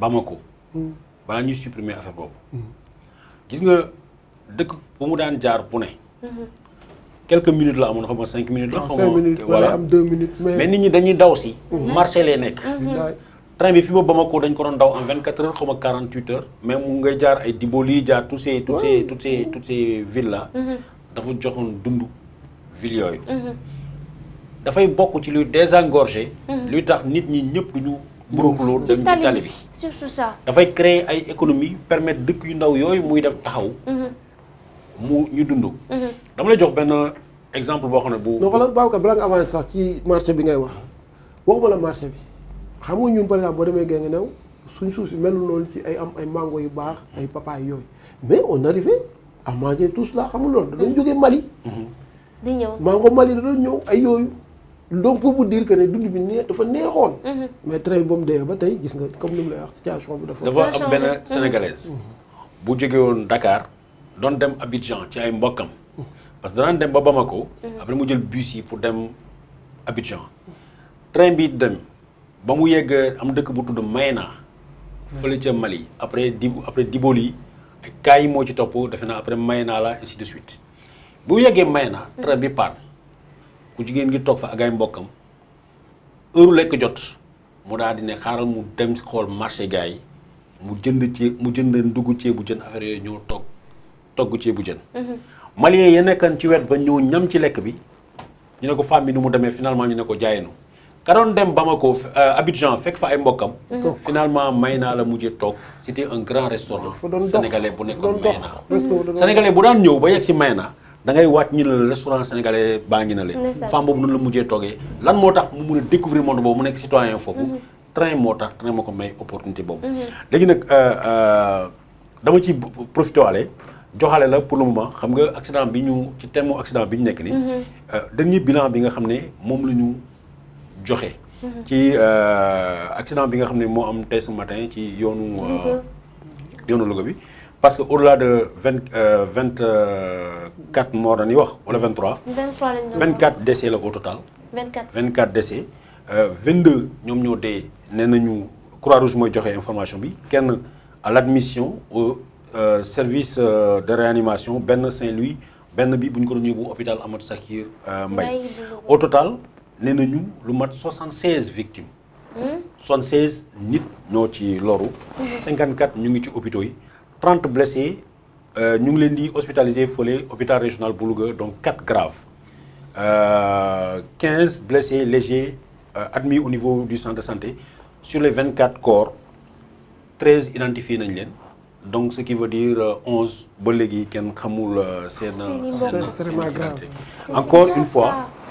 Bamako. Hmm. supprimer affaire hmm. gis hmm. quelques minutes là, on minutes là, minutes mais nous ñi aussi. marché les train de Bamako en 24 heures comme heures. mais mu Diboli toutes ces toutes ces toutes ces villes là. dafa joxoon dund ville yooyu. dafay bokk ci désengorger. luy tax nit ñi mburokuloo dem ci tali bi surtout ça dafay créer ay économie permettre dëkk yu ndaw yooyu muy def taxaw mhm. mu ñu dund mhm. dama lay jox benn exemple boo xam ne bu non xoolal baaw ka balaa nga sax ci marché bi ngay wax waxuma la marché bi xam nga ñun par boo demee gée nga new suñ suuf si melul noonu ci ay am ay mango yu baax ay papaay yooyu mais on arrivé à manger tout cela xamul loolu da doon jógee Mali mhm. di ñëw mango Mali da doon ñëw ay yooyu donc pour vous dire que ne dund bi ne dafa mhm. mais train ba mu dee ba tey gis nga comme nous l'avons lay wax situation bi dafa. dafa am benn sénégalaise. Mhm. bu jóge woon Dakar dans dem Abidjan ci ay mbokkam. parce que dans dem ba Bamako. Mhm. après mu jël bus yi pour dem Abidjan. train bi dem ba mu yegg am dëkk bu tudd Mayna. fële ca Mali après di après Diboli ay cas yi ci après Mayna la ainsi de suite bu yeggee Mayena, train bi parle. ku jigéen gi toog fa ak ay mbokkam heure lekk jot mu daal di ne xaaral mu dem xool marché gay mu jënd ci mu jënd ndugg bu jën affaire yooyu ñoo togg togg bu jën. Mhm. Malien ya nekkan ci wet ba ñoo ñam ci lekk bi ñu ne ko femme bi nu mu demee finalement ñu ne ko jaayenu ka doon dem Bamako euh, Abidjan fekk fa ay mbokkam. Mhm. finalement may naa la mujjee toog c'était un grand restaurant. sénégalais bu nekkoon may naa sénégalais bu daan ñëw ba yegg si may naa dangay ngay waat ñu ne restaurant sénégalais baa ngi na leen. femme boobu noonu la mujjee toogee. lan moo tax mu mun a découvrir monde boobu mu nekk citoyen foofu. Mhm. train moo tax train moo ko may opportunité boobu. Mhm. léegi nag euh, euh, dama ci profité waale joxale la pour le moment xam nga accident bi ñu ci thème accident bi ñu nekk ni mhm. euh, dernier bilan bi nga xam ne moom la ñu joxe. ci accident bi nga xam ne moo am tey ce matin ci yoonu. yoonu Louga bi. Parce qu'au-delà de 24 euh, morts, on a ou 23, 24 décès au total. 24 décès. 24 décès. Euh, 22, nous avons Croix-Rouge informations. information l'information. Quel à l'admission au euh, service euh, de réanimation, Ben Saint-Louis, Ben Bi, nous avons l'hôpital Amad Sakir Mbaye. Au total, nous avons eu mat 76 victimes. 76 nits, nous avons 54 nous avons l'hôpital. 30 blessés euh, ñu ngi hospitalisés di hospitalisé hôpital régional donc 4 graves 15 euh, blessés légers euh, admis au niveau du centre de santé sur les 24 corps 13 identifiés. donc ce qui veut dire 11 ba qui c'est extrêmement grave. encore une fois.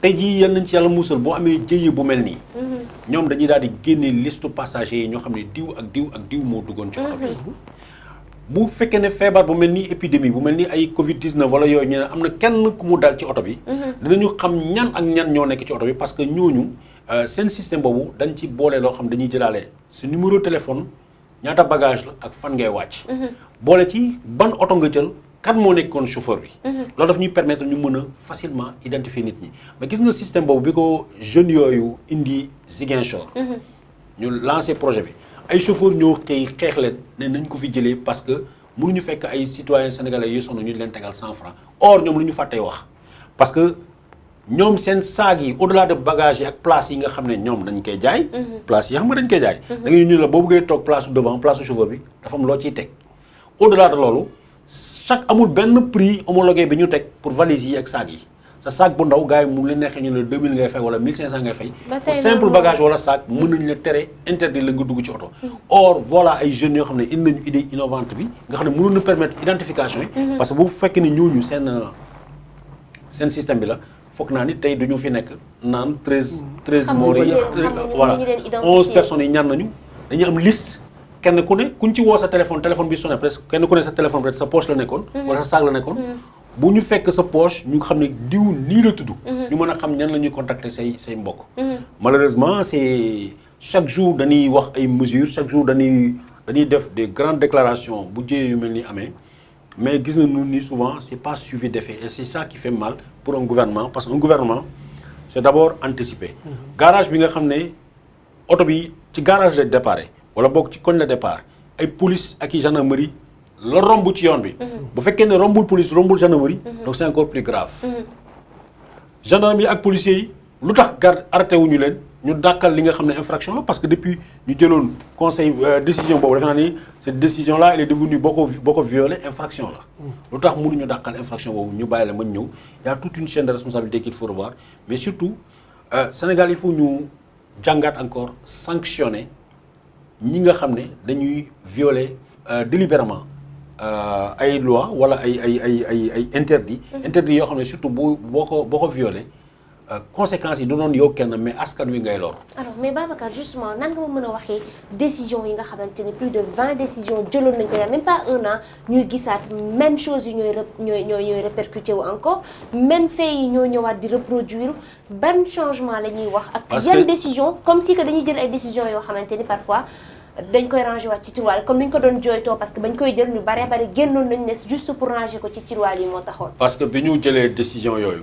tey jii yal nañ ci yàlla muusal boo amee jëye bu mel nii. Mhm. ñoom dañuy daal di génne liste passagers yi ñoo xam ne diw ak diw ak diw moo duggoon ci oto bi. Mhm. bu fekkee ne feebar bu mel ni épidémie bu mel ni ay Covid 19 wala yooyu ñu am na kenn ku mu dal ci oto bi. Mhm. dinañu xam ñan ak ñan ñoo nekk ci oto bi parce que ñooñu euh, seen système boobu dañ ci boole loo xam dañuy jëlaale si numéro téléphone ñaata bagage la ak fan ngay wàcc. boole ci ban oto nga jël. kan mo nekkoon chauffeur bi. Mhm. loolu daf ñuy permettre ñu mëna facilement identifier nit ñi mais gis nga système bobu biko jeune yoyu yooyu indi Ziguinchor. Mhm. ñu lancer projet bi ay chauffeur ñoo xey xeex leen ne nañ ko fi jëlé parce que ñu fekk ay citoyens sénégalais yu sonn ñu leen tégal 100 francs or ñom lu ñu fàttee wax parce que ñom sen sag yi au-delà de bagages yi ak place yi nga xamné ñom dañ koy jaay. Mhm. place yi xam nga dañ koy jaay. da ngay ñu la boo bëggee tok place devant place chauffeur bi dafa am lo ci teg au-delà de lolu chaque amul benn prix homologué bi ñu teg pour valise yi ak saag yi sa saag bu ndaw gars yi mu ngi leen neexee ñu ne 2000 ngay fay wala 1500 ngay fay. ba simple bagage wala sac mën nañu la tere interdit le nga dugg ci oto. Mm-hmm. or voilà ay jeunes yoo xam ne indi idée innovante bi nga xam ne mënoon permettre identification mm-hmm. parce que bu fekkee ne ñooñu seen euh, seen système bi la. foog naa ni tey du ñu fi nekk nan 13 13 morts voilà onze personnes yi ñaan nañu dañuy am liste kenn ku ne kuñ ci woo sa téléphone téléphone bi sonné presque kenn ku ne sa téléphone rek sa poche la nekkoon. Mhm. wala sa sang la nekkoon. Mhm. bu ñu fekk sa poche ñu xam ne diw nii la tudd. Mhm. ñu mën a xam ñan la ñuy contacter say say mbokk. malheureusement c'est chaque jour dañuy wax ay mesures chaque jour dañuy dañuy def des grandes déclarations bu jëyee yu mel ni amee mais gis nañu ni souvent c'est pas suivi d'effet et c'est ça qui fait mal pour un gouvernement parce que un gouvernement c'est d'abord anticiper. garage bi nga xam ne oto bi ci garage la déparé wala boog ci koñ la départ ay police ak gendarmerie la rombu ci yoon bi. Mhm. bu fekkee ne rombul police rombul gendarmerie. Mhm. donc c'est encore plus grave. Mhm. gendarmerie ak policiers yi lu tax garde arrêté wuñu leen ñu dàkkal li nga xam ne infraction la parce que depuis ñu jëloon conseil euh, décision boobu defe naa ni cette décision là elle est devenue boo ko boo violé infraction la. lu tax mënuñu dàkkal infraction boobu ñu bàyyi la mën ñëw y a toute une chaîne de responsabilité qu'il faut revoir mais surtout euh, Sénégal il faut ñu jàngaat encore sanctionner ñi nga xam ne dañuy violer euh, délibérément euh, ay loi wala ay ay ay ay ay interdit mm-hmm. interdit yoo xam ne surtout bu boo ko boo ko violer euh, conséquences yi n'ont doon yow mais askan wi ngay lor. alors mais Babacar justement nan nga ma mën a décision yi nga xamante plus de vingt décisions jëloon nañ ko yaa même pas un an ñuy gissat même chose yi ñoy ñoy ñooy répercuté wu encore même fait yi ñoo ñëwaat di reproduire ben changement lañuy wax. ak yan décision comme si que dañuy jël ay décisions yo xamante parfois. dañ koy rangé waat ci tiroir comme niñ ñu ko doon jooytoo parce que bañ koy jël ñu bari bari génnoon nañ ne juste pour ranger ko ci tiroir yi mo taxoon. parce que biñu jëlé décision yooyu.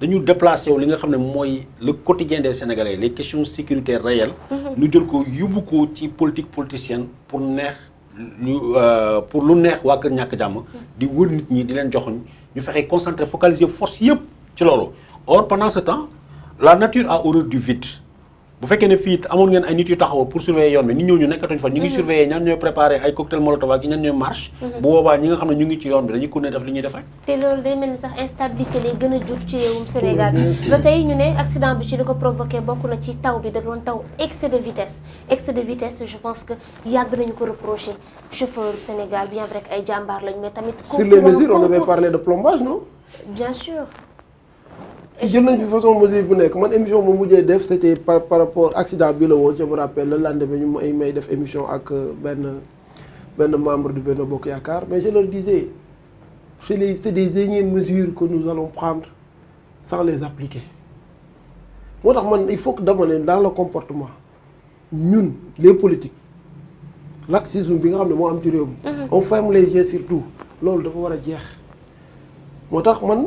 dañu déplacer li nga xamné moy le quotidien des sénégalais les questions de sécurité réelles. nous mhm. jël ko nous ko ci politique politicienne pour neex euh, pour lu neex wa nous ñak jàmm. Mhm. di wër nit ñi di leen ñu concentrer focaliser force yépp ci lolu or pendant ce temps la nature a horreur du vide bu fekkee ne fii amoon ngeen ay nit yu taxaw pour surveiller yone bi nit ñooñu nekkatuñ fa ñu ngi mhm. surveiller ñan ñoy préparé ay cocktail molotov ak ñan ñoy marche mhm. bu boobaa ñi nga xam ñu ngi ci yone bi dañuy continuer def li ñuy def rek té lool day melni sax instabilité lay gëna jur ci réewum oh, Sénégal ba tay ñu né accident bi ci liko provoquer bokku na ci taw bi da doon taw excès de vitesse excès de vitesse je pense que yag nañ ko reprocher chauffeur Sénégal bien vrai que ay jambar lañ mais tamit sur les mesures on avait parlé de plombage non bien sûr je nañ fi façon mesure bu nekk man émission bu mujjee def c'était par par rapport accident bi la je me rappelle le lendemain ñu may may def émission ak ben, ben membre du Benno Bokk mais je leur disais c'est les c'est des énièmes mesures que nous allons prendre sans les appliquer Moi, man il faut que dama dans le comportement ñun les politiques laxisme bi nga xam mhm. on ferme les yeux surtout loolu dafa war a jeex moo tax man